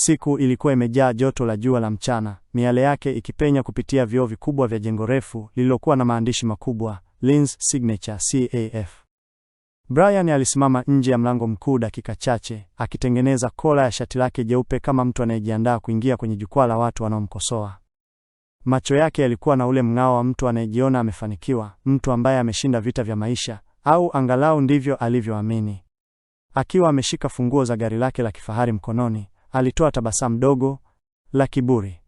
Siku ilikuwa imejaa joto la jua la mchana, miale yake ikipenya kupitia vioo vikubwa vya jengo refu lililokuwa na maandishi makubwa Lin's Signature CAF. Brian alisimama nje ya mlango mkuu dakika chache, akitengeneza kola ya shati lake jeupe kama mtu anayejiandaa kuingia kwenye jukwaa la watu wanaomkosoa. Macho yake yalikuwa na ule mng'ao wa mtu anayejiona amefanikiwa, mtu ambaye ameshinda vita vya maisha, au angalau ndivyo alivyoamini. Akiwa ameshika funguo za gari lake la kifahari mkononi, alitoa tabasamu dogo la kiburi.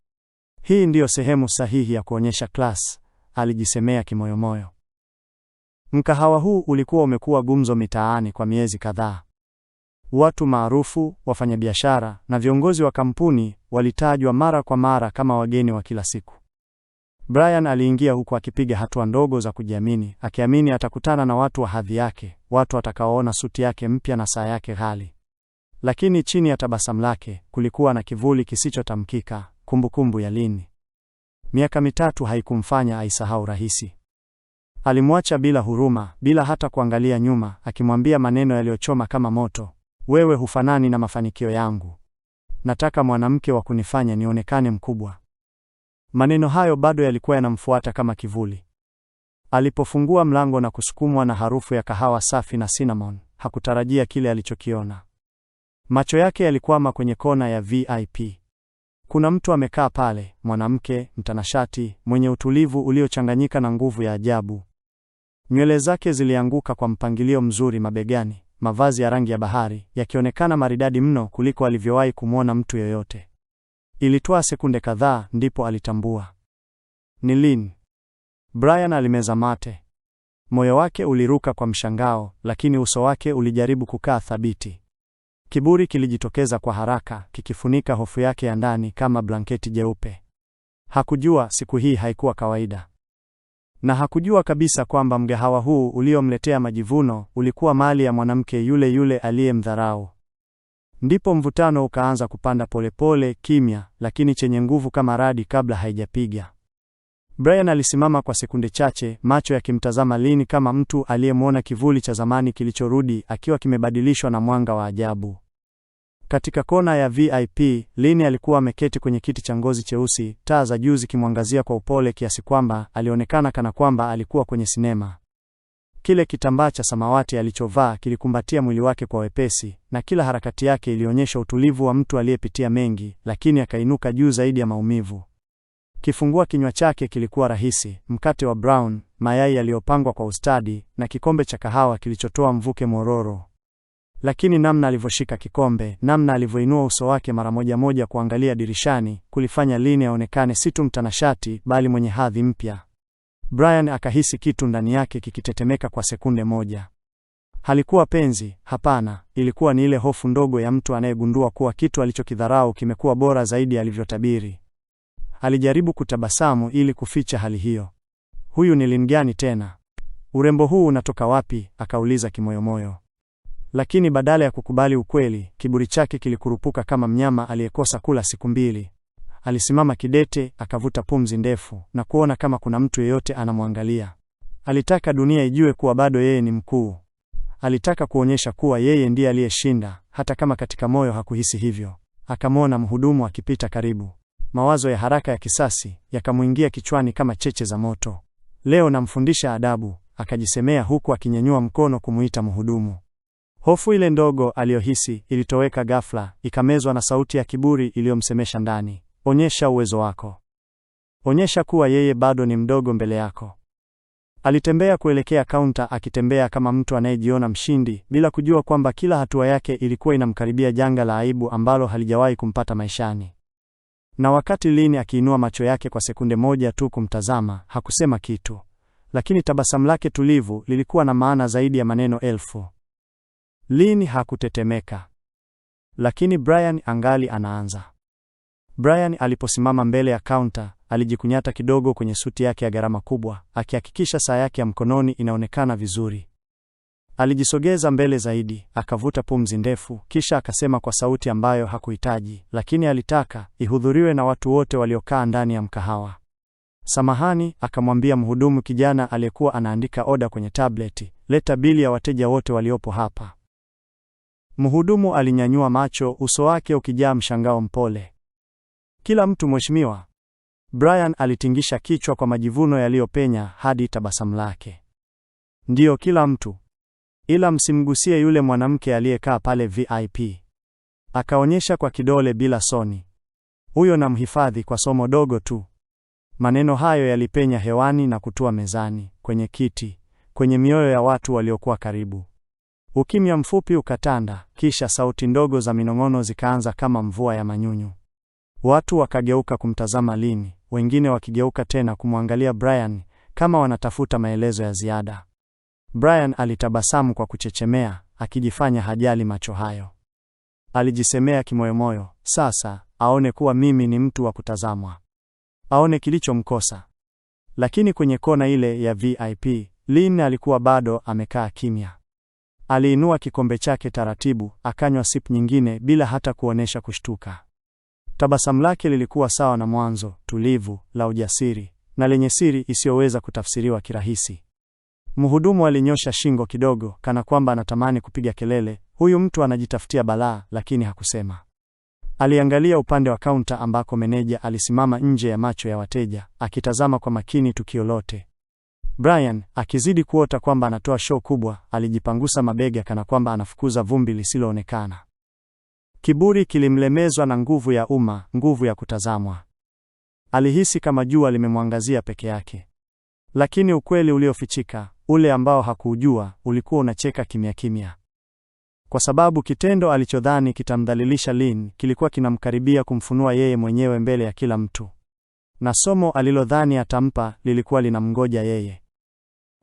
Hii ndiyo sehemu sahihi ya kuonyesha class, alijisemea kimoyomoyo. Mkahawa huu ulikuwa umekuwa gumzo mitaani kwa miezi kadhaa. Watu maarufu, wafanyabiashara na viongozi wa kampuni walitajwa mara kwa mara kama wageni wa kila siku. Brian aliingia huku akipiga hatua ndogo za kujiamini, akiamini atakutana na watu wa hadhi yake, watu watakaoona suti yake mpya na saa yake ghali. Lakini chini ya tabasamu lake kulikuwa na kivuli kisichotamkika, kumbukumbu ya Lini. Miaka mitatu haikumfanya aisahau rahisi. Alimwacha bila huruma, bila hata kuangalia nyuma, akimwambia maneno yaliyochoma kama moto, wewe hufanani na mafanikio yangu, nataka mwanamke wa kunifanya nionekane mkubwa. Maneno hayo bado yalikuwa yanamfuata kama kivuli. Alipofungua mlango na kusukumwa na harufu ya kahawa safi na cinnamon, hakutarajia kile alichokiona. Macho yake yalikwama kwenye kona ya VIP. Kuna mtu amekaa pale, mwanamke mtanashati mwenye utulivu uliochanganyika na nguvu ya ajabu. Nywele zake zilianguka kwa mpangilio mzuri mabegani, mavazi ya rangi ya bahari yakionekana maridadi mno kuliko alivyowahi kumwona mtu yoyote. Ilitwaa sekunde kadhaa, ndipo alitambua ni Lynn. Brian alimeza mate, moyo wake uliruka kwa mshangao, lakini uso wake ulijaribu kukaa thabiti. Kiburi kilijitokeza kwa haraka, kikifunika hofu yake ya ndani kama blanketi jeupe. Hakujua siku hii haikuwa kawaida, na hakujua kabisa kwamba mgahawa huu uliomletea majivuno ulikuwa mali ya mwanamke yule yule aliyemdharau. Ndipo mvutano ukaanza kupanda polepole, kimya, lakini chenye nguvu kama radi kabla haijapiga. Brian alisimama kwa sekunde chache, macho yakimtazama Lynn kama mtu aliyemwona kivuli cha zamani kilichorudi akiwa kimebadilishwa na mwanga wa ajabu. Katika kona ya VIP, Lynn alikuwa ameketi kwenye kiti cha ngozi cheusi, taa za juu zikimwangazia kwa upole kiasi kwamba alionekana kana kwamba alikuwa kwenye sinema. Kile kitambaa cha samawati alichovaa kilikumbatia mwili wake kwa wepesi, na kila harakati yake ilionyesha utulivu wa mtu aliyepitia mengi, lakini akainuka juu zaidi ya maumivu. Kifungua kinywa chake kilikuwa rahisi: mkate wa brown, mayai yaliyopangwa kwa ustadi na kikombe cha kahawa kilichotoa mvuke mororo. Lakini namna alivyoshika kikombe, namna alivyoinua uso wake mara moja moja kuangalia dirishani, kulifanya Lynn aonekane si tu mtanashati, bali mwenye hadhi mpya. Brian akahisi kitu ndani yake kikitetemeka kwa sekunde moja. Halikuwa penzi, hapana, ilikuwa ni ile hofu ndogo ya mtu anayegundua kuwa kitu alichokidharau kimekuwa bora zaidi alivyotabiri. Alijaribu kutabasamu ili kuficha hali hiyo. Huyu ni lingani tena? Urembo huu unatoka wapi? akauliza kimoyomoyo. Lakini badala ya kukubali ukweli, kiburi chake kilikurupuka kama mnyama aliyekosa kula siku mbili. Alisimama kidete, akavuta pumzi ndefu na kuona kama kuna mtu yeyote anamwangalia. Alitaka dunia ijue kuwa bado yeye ni mkuu. Alitaka kuonyesha kuwa yeye ndiye aliyeshinda, hata kama katika moyo hakuhisi hivyo. Akamwona mhudumu akipita karibu mawazo ya haraka ya kisasi yakamwingia kichwani kama cheche za moto. Leo namfundisha adabu, akajisemea huku akinyanyua mkono kumuita mhudumu. Hofu ile ndogo aliyohisi ilitoweka ghafla, ikamezwa na sauti ya kiburi iliyomsemesha ndani, onyesha uwezo wako, onyesha kuwa yeye bado ni mdogo mbele yako. Alitembea kuelekea kaunta, akitembea kama mtu anayejiona mshindi, bila kujua kwamba kila hatua yake ilikuwa inamkaribia janga la aibu ambalo halijawahi kumpata maishani. Na wakati Lini akiinua macho yake kwa sekunde moja tu kumtazama, hakusema kitu, lakini tabasamu lake tulivu lilikuwa na maana zaidi ya maneno elfu. Lini hakutetemeka, lakini Brian angali anaanza. Brian aliposimama mbele ya kaunta, alijikunyata kidogo kwenye suti yake ya gharama kubwa, akihakikisha saa yake ya mkononi inaonekana vizuri. Alijisogeza mbele zaidi, akavuta pumzi ndefu, kisha akasema kwa sauti ambayo hakuhitaji, lakini alitaka ihudhuriwe na watu wote waliokaa ndani ya mkahawa. Samahani, akamwambia mhudumu kijana aliyekuwa anaandika oda kwenye tableti, leta bili ya wateja wote waliopo hapa. Mhudumu alinyanyua macho, uso wake ukijaa mshangao mpole. Kila mtu mheshimiwa. Brian alitingisha kichwa kwa majivuno yaliyopenya hadi tabasamu lake. Ndiyo, kila mtu ila msimgusie yule mwanamke aliyekaa pale VIP. Akaonyesha kwa kidole bila soni. Huyo namhifadhi kwa somo dogo tu. Maneno hayo yalipenya hewani na kutua mezani, kwenye kiti, kwenye mioyo ya watu waliokuwa karibu. Ukimya mfupi ukatanda, kisha sauti ndogo za minong'ono zikaanza kama mvua ya manyunyu. Watu wakageuka kumtazama lini wengine wakigeuka tena kumwangalia Brian kama wanatafuta maelezo ya ziada. Brian alitabasamu kwa kuchechemea, akijifanya hajali macho hayo. Alijisemea kimoyomoyo, sasa aone kuwa mimi ni mtu wa kutazamwa, aone kilichomkosa. Lakini kwenye kona ile ya VIP, Lynn alikuwa bado amekaa kimya. Aliinua kikombe chake taratibu, akanywa sip nyingine bila hata kuonesha kushtuka. Tabasamu lake lilikuwa sawa na mwanzo, tulivu, la ujasiri na lenye siri isiyoweza kutafsiriwa kirahisi. Mhudumu alinyosha shingo kidogo, kana kwamba anatamani kupiga kelele, huyu mtu anajitafutia balaa, lakini hakusema. Aliangalia upande wa kaunta ambako meneja alisimama nje ya macho ya wateja, akitazama kwa makini tukio lote. Brian, akizidi kuota kwamba anatoa show kubwa, alijipangusa mabega kana kwamba anafukuza vumbi lisiloonekana. Kiburi kilimlemezwa na nguvu ya umma, nguvu ya kutazamwa. Alihisi kama jua limemwangazia peke yake. Lakini ukweli uliofichika ule ambao hakuujua ulikuwa unacheka kimya kimya, kwa sababu kitendo alichodhani kitamdhalilisha Lin kilikuwa kinamkaribia kumfunua yeye mwenyewe mbele ya kila mtu, na somo alilodhani atampa lilikuwa linamngoja yeye.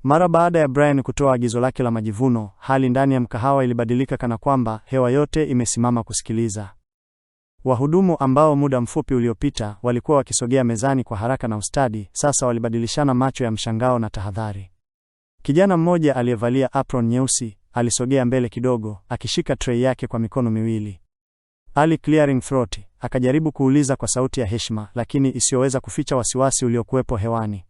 Mara baada ya Brian kutoa agizo lake la majivuno, hali ndani ya mkahawa ilibadilika kana kwamba hewa yote imesimama kusikiliza. Wahudumu ambao muda mfupi uliopita walikuwa wakisogea mezani kwa haraka na ustadi, sasa walibadilishana macho ya mshangao na tahadhari. Kijana mmoja aliyevalia apron nyeusi alisogea mbele kidogo, akishika trei yake kwa mikono miwili. Ali clearing throat, akajaribu kuuliza kwa sauti ya heshima lakini isiyoweza kuficha wasiwasi uliokuwepo hewani.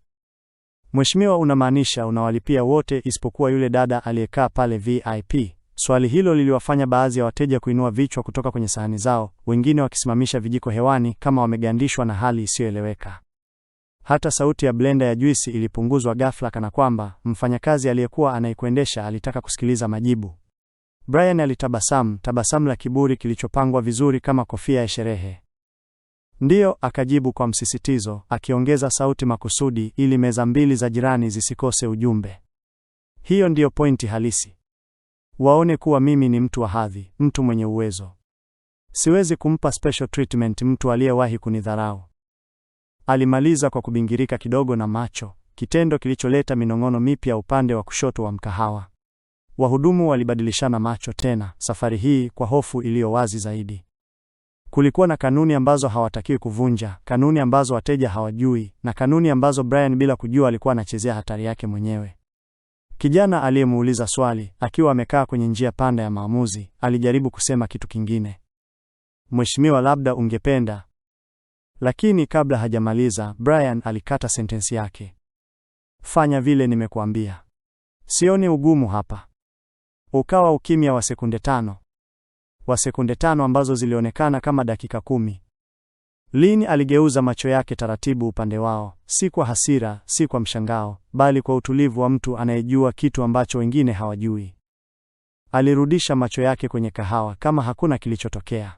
Mheshimiwa, unamaanisha unawalipia wote isipokuwa yule dada aliyekaa pale VIP? Swali hilo liliwafanya baadhi ya wateja kuinua vichwa kutoka kwenye sahani zao, wengine wakisimamisha vijiko hewani kama wamegandishwa na hali isiyoeleweka. Hata sauti ya blenda ya juisi ilipunguzwa ghafla, kana kwamba mfanyakazi aliyekuwa anaikuendesha alitaka kusikiliza majibu. Brian alitabasamu, tabasamu la kiburi kilichopangwa vizuri kama kofia ya sherehe. Ndiyo, akajibu kwa msisitizo, akiongeza sauti makusudi ili meza mbili za jirani zisikose ujumbe. Hiyo ndiyo pointi halisi, waone kuwa mimi ni mtu wa hadhi, mtu mwenye uwezo. Siwezi kumpa special treatment mtu aliyewahi kunidharau. Alimaliza kwa kubingirika kidogo na macho, kitendo kilicholeta minong'ono mipya upande wa kushoto wa mkahawa. Wahudumu walibadilishana macho tena, safari hii kwa hofu iliyo wazi zaidi. Kulikuwa na kanuni ambazo hawatakiwi kuvunja, kanuni ambazo wateja hawajui, na kanuni ambazo Brian bila kujua alikuwa anachezea hatari yake mwenyewe. Kijana aliyemuuliza swali akiwa amekaa kwenye njia panda ya maamuzi alijaribu kusema kitu kingine. Mheshimiwa, labda ungependa lakini kabla hajamaliza, Brian alikata sentensi yake. Fanya vile nimekuambia, sioni ugumu hapa. Ukawa ukimya wa sekunde tano, wa sekunde tano ambazo zilionekana kama dakika kumi. Lin aligeuza macho yake taratibu upande wao, si kwa hasira, si kwa mshangao, bali kwa utulivu wa mtu anayejua kitu ambacho wengine hawajui. Alirudisha macho yake kwenye kahawa kama hakuna kilichotokea.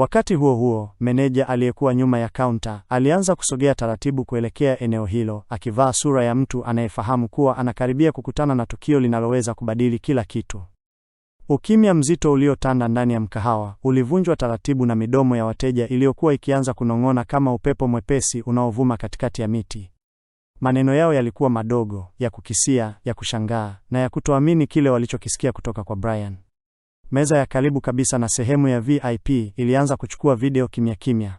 Wakati huo huo, meneja aliyekuwa nyuma ya kaunta alianza kusogea taratibu kuelekea eneo hilo, akivaa sura ya mtu anayefahamu kuwa anakaribia kukutana na tukio linaloweza kubadili kila kitu. Ukimya mzito uliotanda ndani ya mkahawa ulivunjwa taratibu na midomo ya wateja iliyokuwa ikianza kunong'ona kama upepo mwepesi unaovuma katikati ya miti. Maneno yao yalikuwa madogo, ya kukisia, ya kushangaa na ya kutoamini kile walichokisikia kutoka kwa Brian. Meza ya karibu kabisa na sehemu ya VIP ilianza kuchukua video kimya kimya.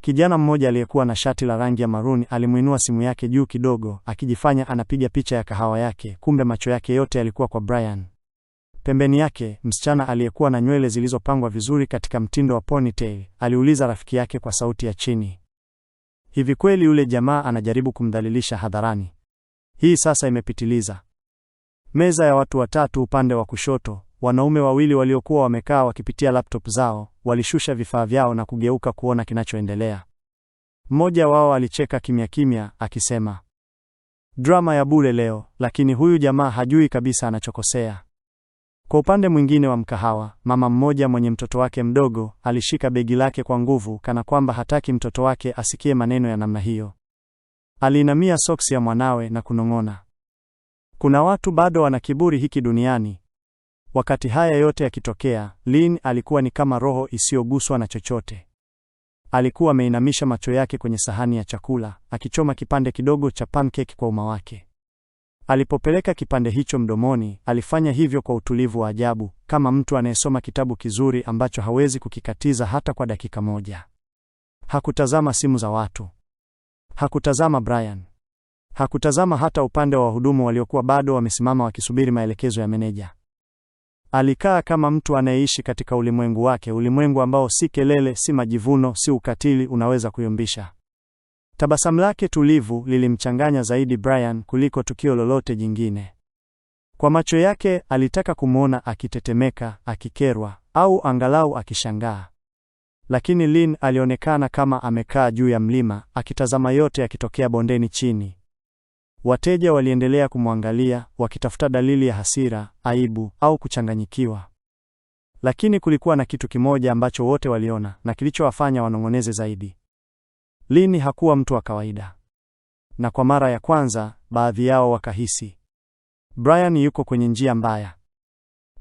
Kijana mmoja aliyekuwa na shati la rangi ya maruni alimuinua simu yake juu kidogo, akijifanya anapiga picha ya kahawa yake, kumbe macho yake yote yalikuwa kwa Brian. Pembeni yake, msichana aliyekuwa na nywele zilizopangwa vizuri katika mtindo wa ponytail, aliuliza rafiki yake kwa sauti ya chini, hivi kweli yule jamaa anajaribu kumdhalilisha hadharani? Hii sasa imepitiliza. Meza ya watu watatu upande wa kushoto Wanaume wawili waliokuwa wamekaa wakipitia laptop zao walishusha vifaa vyao na kugeuka kuona kinachoendelea. Mmoja wao alicheka kimya kimya akisema, drama ya bure leo, lakini huyu jamaa hajui kabisa anachokosea. Kwa upande mwingine wa mkahawa, mama mmoja mwenye mtoto wake mdogo alishika begi lake kwa nguvu, kana kwamba hataki mtoto wake asikie maneno ya namna hiyo. Aliinamia soksi ya mwanawe na kunong'ona, kuna watu bado wana kiburi hiki duniani. Wakati haya yote yakitokea, Lin alikuwa ni kama roho isiyoguswa na chochote. Alikuwa ameinamisha macho yake kwenye sahani ya chakula, akichoma kipande kidogo cha pancake kwa uma wake. Alipopeleka kipande hicho mdomoni, alifanya hivyo kwa utulivu wa ajabu, kama mtu anayesoma kitabu kizuri ambacho hawezi kukikatiza hata kwa dakika moja. Hakutazama simu za watu. Hakutazama Brian. Hakutazama hata upande wa wahudumu waliokuwa bado wamesimama wakisubiri maelekezo ya meneja. Alikaa kama mtu anayeishi katika ulimwengu wake, ulimwengu ambao si kelele, si majivuno, si ukatili unaweza kuyumbisha. Tabasamu lake tulivu lilimchanganya zaidi Brian kuliko tukio lolote jingine. Kwa macho yake alitaka kumwona akitetemeka, akikerwa au angalau akishangaa. Lakini Lynn alionekana kama amekaa juu ya mlima, akitazama yote yakitokea bondeni chini. Wateja waliendelea kumwangalia wakitafuta dalili ya hasira, aibu au kuchanganyikiwa. Lakini kulikuwa na kitu kimoja ambacho wote waliona na kilichowafanya wanong'oneze zaidi. Lini hakuwa mtu wa kawaida. Na kwa mara ya kwanza, baadhi yao wakahisi Brian yuko kwenye njia mbaya.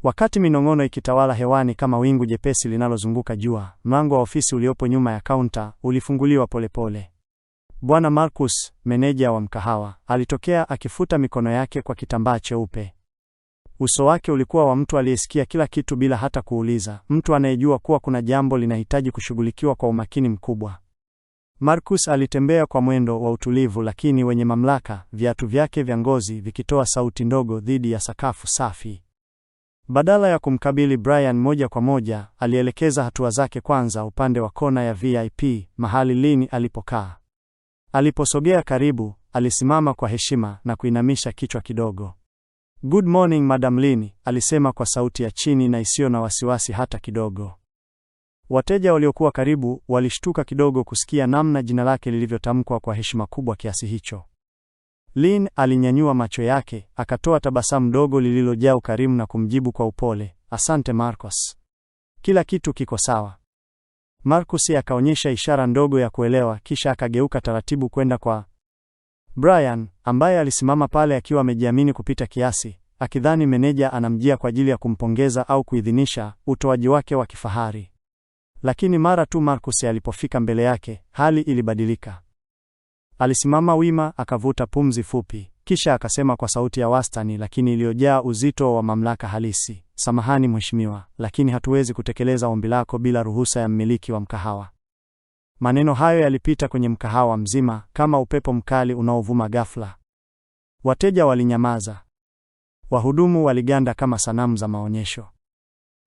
Wakati minong'ono ikitawala hewani kama wingu jepesi linalozunguka jua, mlango wa ofisi uliopo nyuma ya kaunta ulifunguliwa polepole. Bwana Marcus, meneja wa mkahawa, alitokea akifuta mikono yake kwa kitambaa cheupe. Uso wake ulikuwa wa mtu aliyesikia kila kitu bila hata kuuliza, mtu anayejua kuwa kuna jambo linahitaji kushughulikiwa kwa umakini mkubwa. Marcus alitembea kwa mwendo wa utulivu lakini wenye mamlaka, viatu vyake vya ngozi vikitoa sauti ndogo dhidi ya sakafu safi. Badala ya kumkabili Brian moja kwa moja, alielekeza hatua zake kwanza upande wa kona ya VIP, mahali Lynn alipokaa. Aliposogea karibu, alisimama kwa heshima na kuinamisha kichwa kidogo. Good morning, Madam Lin, alisema kwa sauti ya chini na isiyo na wasiwasi hata kidogo. Wateja waliokuwa karibu walishtuka kidogo kusikia namna jina lake lilivyotamkwa kwa heshima kubwa kiasi hicho. Lin alinyanyua macho yake, akatoa tabasamu dogo lililojaa ukarimu na kumjibu kwa upole, asante Marcos, kila kitu kiko sawa. Marcus akaonyesha ishara ndogo ya kuelewa, kisha akageuka taratibu kwenda kwa Brian ambaye alisimama pale akiwa amejiamini kupita kiasi, akidhani meneja anamjia kwa ajili ya kumpongeza au kuidhinisha utoaji wake wa kifahari. Lakini mara tu Marcus alipofika mbele yake, hali ilibadilika. Alisimama wima, akavuta pumzi fupi. Kisha akasema kwa sauti ya wastani lakini iliyojaa uzito wa mamlaka halisi, samahani mheshimiwa, lakini hatuwezi kutekeleza ombi lako bila ruhusa ya mmiliki wa mkahawa. Maneno hayo yalipita kwenye mkahawa mzima kama upepo mkali unaovuma ghafla. Wateja walinyamaza, wahudumu waliganda kama sanamu za maonyesho.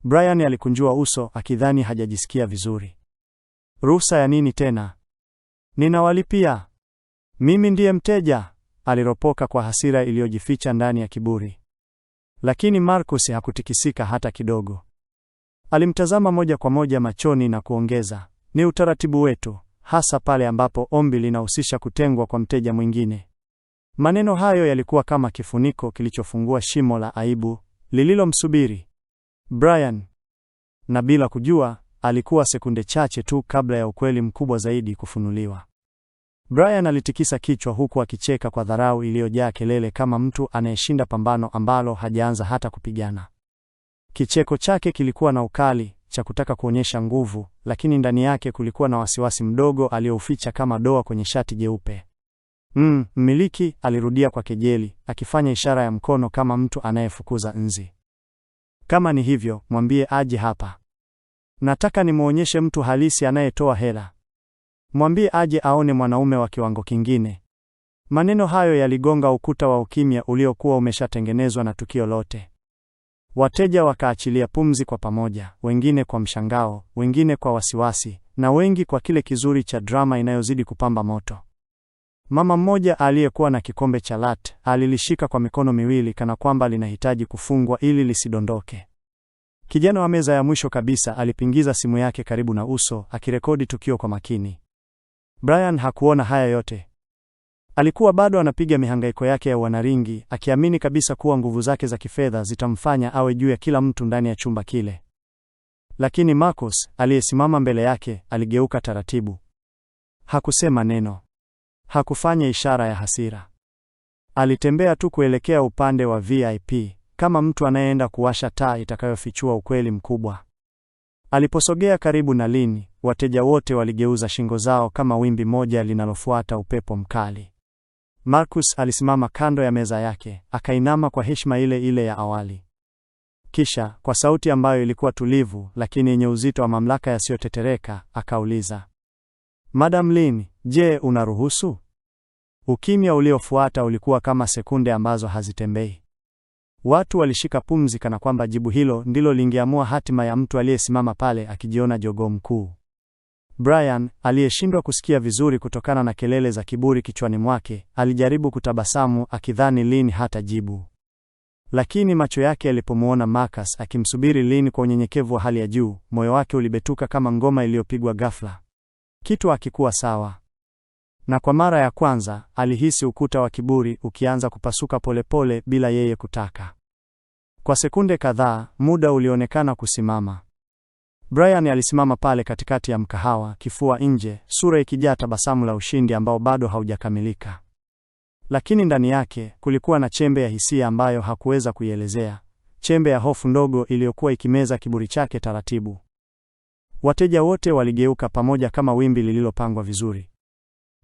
Brian alikunjua uso akidhani hajajisikia vizuri. Ruhusa ya nini tena? Ninawalipia, mimi ndiye mteja aliropoka kwa hasira iliyojificha ndani ya kiburi. Lakini markus hakutikisika hata kidogo. Alimtazama moja kwa moja machoni na kuongeza, ni utaratibu wetu, hasa pale ambapo ombi linahusisha kutengwa kwa mteja mwingine. Maneno hayo yalikuwa kama kifuniko kilichofungua shimo la aibu lililomsubiri Brian, na bila kujua alikuwa sekunde chache tu kabla ya ukweli mkubwa zaidi kufunuliwa. Brian alitikisa kichwa huku akicheka kwa dharau iliyojaa kelele kama mtu anayeshinda pambano ambalo hajaanza hata kupigana. Kicheko chake kilikuwa na ukali cha kutaka kuonyesha nguvu, lakini ndani yake kulikuwa na wasiwasi mdogo aliyouficha kama doa kwenye shati jeupe. Mm, mmiliki alirudia kwa kejeli, akifanya ishara ya mkono kama mtu anayefukuza nzi. Kama ni hivyo, mwambie aje hapa. Nataka nimwonyeshe mtu halisi anayetoa hela. Mwambie aje aone mwanaume wa kiwango kingine. Maneno hayo yaligonga ukuta wa ukimya uliokuwa umeshatengenezwa na tukio lote. Wateja wakaachilia pumzi kwa pamoja, wengine kwa mshangao, wengine kwa wasiwasi, na wengi kwa kile kizuri cha drama inayozidi kupamba moto. Mama mmoja aliyekuwa na kikombe cha latte alilishika kwa mikono miwili kana kwamba linahitaji kufungwa ili lisidondoke. Kijana wa meza ya mwisho kabisa alipingiza simu yake karibu na uso, akirekodi tukio kwa makini. Brian hakuona haya yote. Alikuwa bado anapiga mihangaiko yake ya wanaringi, akiamini kabisa kuwa nguvu zake za kifedha zitamfanya awe juu ya kila mtu ndani ya chumba kile. Lakini Marcus aliyesimama mbele yake aligeuka taratibu. Hakusema neno. Hakufanya ishara ya hasira. Alitembea tu kuelekea upande wa VIP kama mtu anayeenda kuwasha taa itakayofichua ukweli mkubwa. Aliposogea karibu na lini Wateja wote waligeuza shingo zao kama wimbi moja linalofuata upepo mkali. Marcus alisimama kando ya meza yake, akainama kwa heshima ile ile ya awali. Kisha kwa sauti ambayo ilikuwa tulivu lakini yenye uzito wa mamlaka yasiyotetereka, akauliza, Madam Lin, je, unaruhusu? Ukimya uliofuata ulikuwa kama sekunde ambazo hazitembei. Watu walishika pumzi kana kwamba jibu hilo ndilo lingeamua hatima ya mtu aliyesimama pale akijiona jogoo mkuu. Brian, aliyeshindwa kusikia vizuri kutokana na kelele za kiburi kichwani mwake, alijaribu kutabasamu akidhani hata jibu Lakini macho yake yalipomwona Marcus akimsubiri Lin kwa unyenyekevu wa hali ya juu, moyo wake ulibetuka kama ngoma iliyopigwa ghafla. Kitu hakikuwa sawa. Na kwa mara ya kwanza, alihisi ukuta wa kiburi ukianza kupasuka polepole bila yeye kutaka. Kwa sekunde kadhaa, muda ulionekana kusimama. Brian alisimama pale katikati ya mkahawa, kifua nje, sura ikijaa tabasamu la ushindi ambao bado haujakamilika. Lakini ndani yake kulikuwa na chembe ya hisia ambayo hakuweza kuielezea, chembe ya hofu ndogo iliyokuwa ikimeza kiburi chake taratibu. Wateja wote waligeuka pamoja kama wimbi lililopangwa vizuri.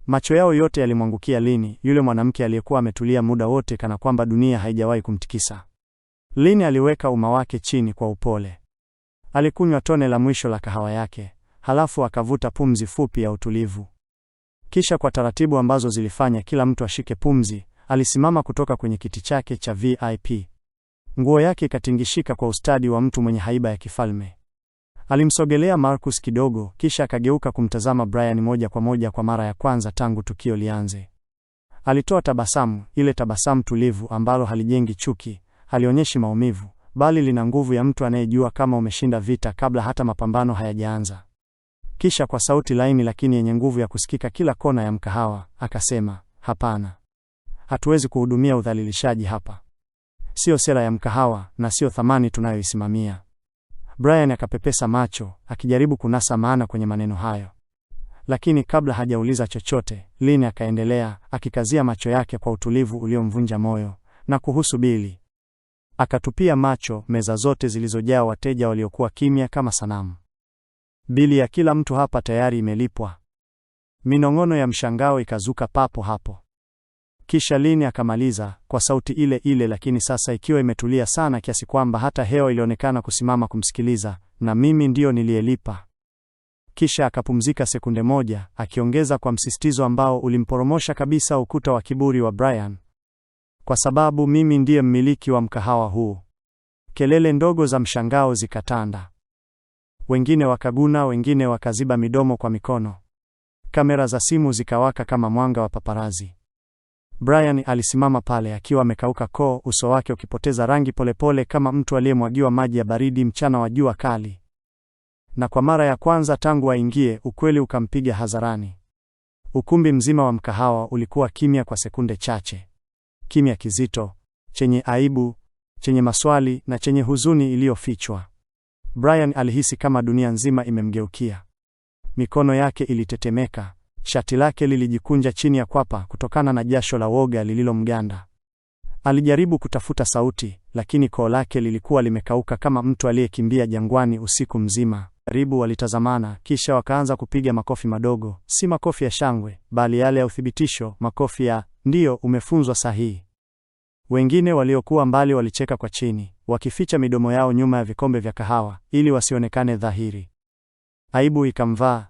Macho yao yote yalimwangukia Lini, yule mwanamke aliyekuwa ametulia muda wote kana kwamba dunia haijawahi kumtikisa. Lini aliweka uma wake chini kwa upole. Alikunywa tone la mwisho la kahawa yake, halafu akavuta pumzi fupi ya utulivu. Kisha kwa taratibu ambazo zilifanya kila mtu ashike pumzi, alisimama kutoka kwenye kiti chake cha VIP. Nguo yake ikatingishika kwa ustadi wa mtu mwenye haiba ya kifalme. Alimsogelea Marcus kidogo, kisha akageuka kumtazama Brian moja kwa moja kwa mara ya kwanza tangu tukio lianze. Alitoa tabasamu, ile tabasamu tulivu ambalo halijengi chuki, halionyeshi maumivu, bali lina nguvu ya mtu anayejua kama umeshinda vita kabla hata mapambano hayajaanza. Kisha kwa sauti laini lakini yenye nguvu ya kusikika kila kona ya mkahawa, akasema, hapana, hatuwezi kuhudumia udhalilishaji hapa. Siyo sera ya mkahawa na siyo thamani tunayoisimamia. Brian akapepesa macho akijaribu kunasa maana kwenye maneno hayo, lakini kabla hajauliza chochote, Lynn akaendelea akikazia macho yake kwa utulivu uliomvunja moyo, na kuhusu bili Akatupia macho meza zote zilizojaa wateja waliokuwa kimya kama sanamu. Bili ya kila mtu hapa tayari imelipwa. Minong'ono ya mshangao ikazuka papo hapo. Kisha Lini akamaliza kwa sauti ile ile, lakini sasa ikiwa imetulia sana kiasi kwamba hata hewa ilionekana kusimama kumsikiliza. Na mimi ndiyo niliyelipa. Kisha akapumzika sekunde moja, akiongeza kwa msisitizo ambao ulimporomosha kabisa ukuta wa kiburi wa Brian kwa sababu mimi ndiye mmiliki wa mkahawa huu. Kelele ndogo za mshangao zikatanda. Wengine wakaguna, wengine wakaziba midomo kwa mikono. Kamera za simu zikawaka kama mwanga wa paparazi. Brian alisimama pale akiwa amekauka koo, uso wake ukipoteza rangi polepole kama mtu aliyemwagiwa maji ya baridi mchana wa jua kali. Na kwa mara ya kwanza tangu aingie, ukweli ukampiga hadharani. Ukumbi mzima wa mkahawa ulikuwa kimya kwa sekunde chache kimya kizito, chenye aibu, chenye maswali na chenye huzuni iliyofichwa. Brian alihisi kama dunia nzima imemgeukia. Mikono yake ilitetemeka, shati lake lilijikunja chini ya kwapa kutokana na jasho la woga lililomganda. Alijaribu kutafuta sauti, lakini koo lake lilikuwa limekauka kama mtu aliyekimbia jangwani usiku mzima. Karibu walitazamana, kisha wakaanza kupiga makofi madogo, si makofi ya shangwe, bali yale ya uthibitisho, makofi ya Ndiyo, umefunzwa sahihi. Wengine waliokuwa mbali walicheka kwa chini, wakificha midomo yao nyuma ya vikombe vya kahawa ili wasionekane dhahiri. Aibu ikamvaa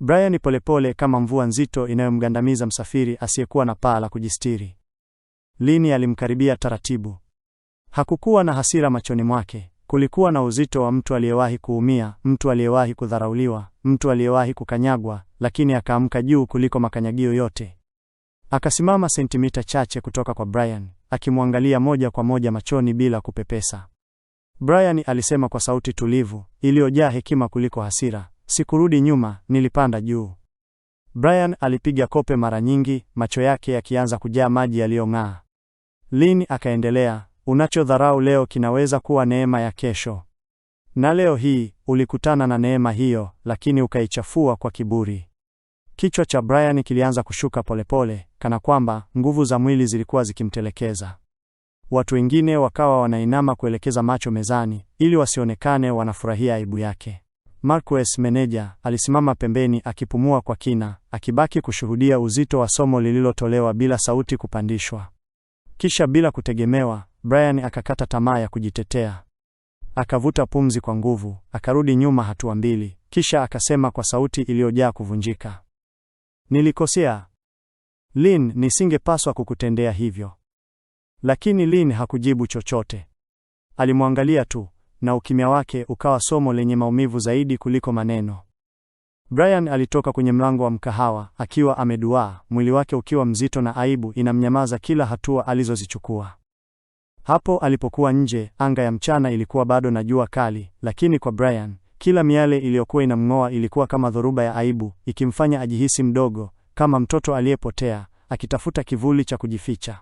Brian polepole kama mvua nzito inayomgandamiza msafiri asiyekuwa na paa la kujistiri. Lini alimkaribia taratibu. Hakukuwa na hasira machoni mwake, kulikuwa na uzito wa mtu aliyewahi kuumia, mtu aliyewahi kudharauliwa, mtu aliyewahi kukanyagwa, lakini akaamka juu kuliko makanyagio yote. Akasimama sentimita chache kutoka kwa Brian, akimwangalia moja kwa moja machoni bila kupepesa. Brian alisema kwa sauti tulivu iliyojaa hekima kuliko hasira, sikurudi nyuma, nilipanda juu. Brian alipiga kope mara nyingi, macho yake yakianza kujaa maji yaliyong'aa. Lin akaendelea, unachodharau leo kinaweza kuwa neema ya kesho, na leo hii ulikutana na neema hiyo, lakini ukaichafua kwa kiburi. Kichwa cha Brian kilianza kushuka polepole pole, kana kwamba nguvu za mwili zilikuwa zikimtelekeza. Watu wengine wakawa wanainama kuelekeza macho mezani ili wasionekane wanafurahia aibu yake. Marques meneja alisimama pembeni akipumua kwa kina, akibaki kushuhudia uzito wa somo lililotolewa bila sauti kupandishwa. Kisha bila kutegemewa, Brian akakata tamaa ya kujitetea. Akavuta pumzi kwa nguvu, akarudi nyuma hatua mbili, kisha akasema kwa sauti iliyojaa kuvunjika. Nilikosea. Lin, nisingepaswa kukutendea hivyo. Lakini Lin hakujibu chochote. Alimwangalia tu na ukimya wake ukawa somo lenye maumivu zaidi kuliko maneno. Brian alitoka kwenye mlango wa mkahawa akiwa ameduaa, mwili wake ukiwa mzito na aibu inamnyamaza kila hatua alizozichukua. Hapo alipokuwa nje, anga ya mchana ilikuwa bado na jua kali, lakini kwa Brian kila miale iliyokuwa inamng'oa ilikuwa kama dhoruba ya aibu, ikimfanya ajihisi mdogo, kama mtoto aliyepotea akitafuta kivuli cha kujificha.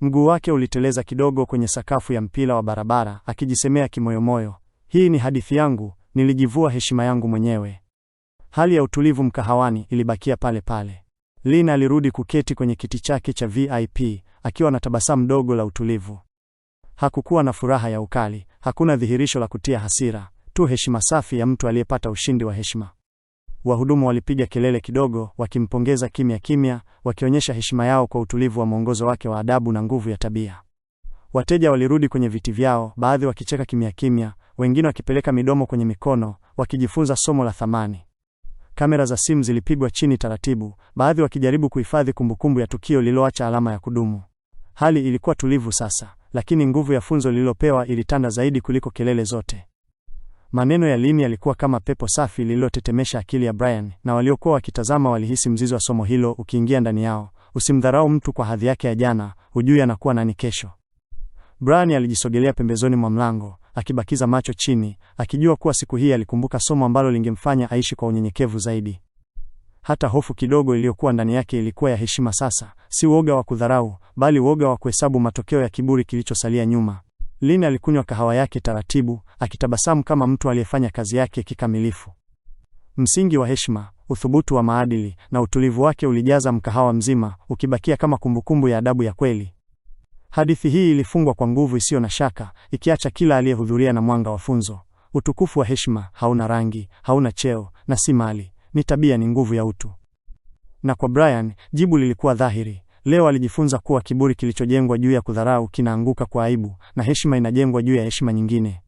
Mguu wake uliteleza kidogo kwenye sakafu ya mpira wa barabara, akijisemea kimoyomoyo, hii ni hadithi yangu, nilijivua heshima yangu mwenyewe. Hali ya utulivu mkahawani ilibakia pale pale. Lina alirudi kuketi kwenye kiti chake cha VIP akiwa na tabasamu dogo la utulivu. Hakukuwa na furaha ya ukali, hakuna dhihirisho la kutia hasira tu heshima safi ya mtu aliyepata ushindi wa heshima. Wahudumu walipiga kelele kidogo, wakimpongeza kimya kimya, wakionyesha heshima yao kwa utulivu wa mwongozo wake wa adabu na nguvu ya tabia. Wateja walirudi kwenye viti vyao, baadhi wakicheka kimya kimya, wengine wakipeleka midomo kwenye mikono, wakijifunza somo la thamani. Kamera za simu zilipigwa chini taratibu, baadhi wakijaribu kuhifadhi kumbukumbu ya tukio lililoacha alama ya kudumu. Hali ilikuwa tulivu sasa, lakini nguvu ya funzo lililopewa ilitanda zaidi kuliko kelele zote. Maneno ya Lynn yalikuwa kama pepo safi lililotetemesha akili ya Brian, na waliokuwa wakitazama walihisi mzizi wa somo hilo ukiingia ndani yao. Usimdharau mtu kwa hadhi yake ya jana, hujui anakuwa nani kesho. Brian alijisogelea pembezoni mwa mlango, akibakiza macho chini, akijua kuwa siku hii alikumbuka somo ambalo lingemfanya aishi kwa unyenyekevu zaidi. Hata hofu kidogo iliyokuwa ndani yake ilikuwa ya heshima sasa, si uoga wa kudharau, bali uoga wa kuhesabu matokeo ya kiburi kilichosalia nyuma. Lin alikunywa kahawa yake taratibu, akitabasamu kama mtu aliyefanya kazi yake kikamilifu. Msingi wa heshima, uthubutu wa maadili na utulivu wake ulijaza mkahawa mzima, ukibakia kama kumbukumbu ya adabu ya kweli. Hadithi hii ilifungwa kwa nguvu isiyo na shaka, ikiacha kila aliyehudhuria na mwanga wa funzo. Utukufu wa heshima hauna rangi, hauna cheo na si mali. Ni tabia, ni nguvu ya utu. Na kwa Brian, jibu lilikuwa dhahiri. Leo alijifunza kuwa kiburi kilichojengwa juu ya kudharau kinaanguka kwa aibu, na heshima inajengwa juu ya heshima nyingine.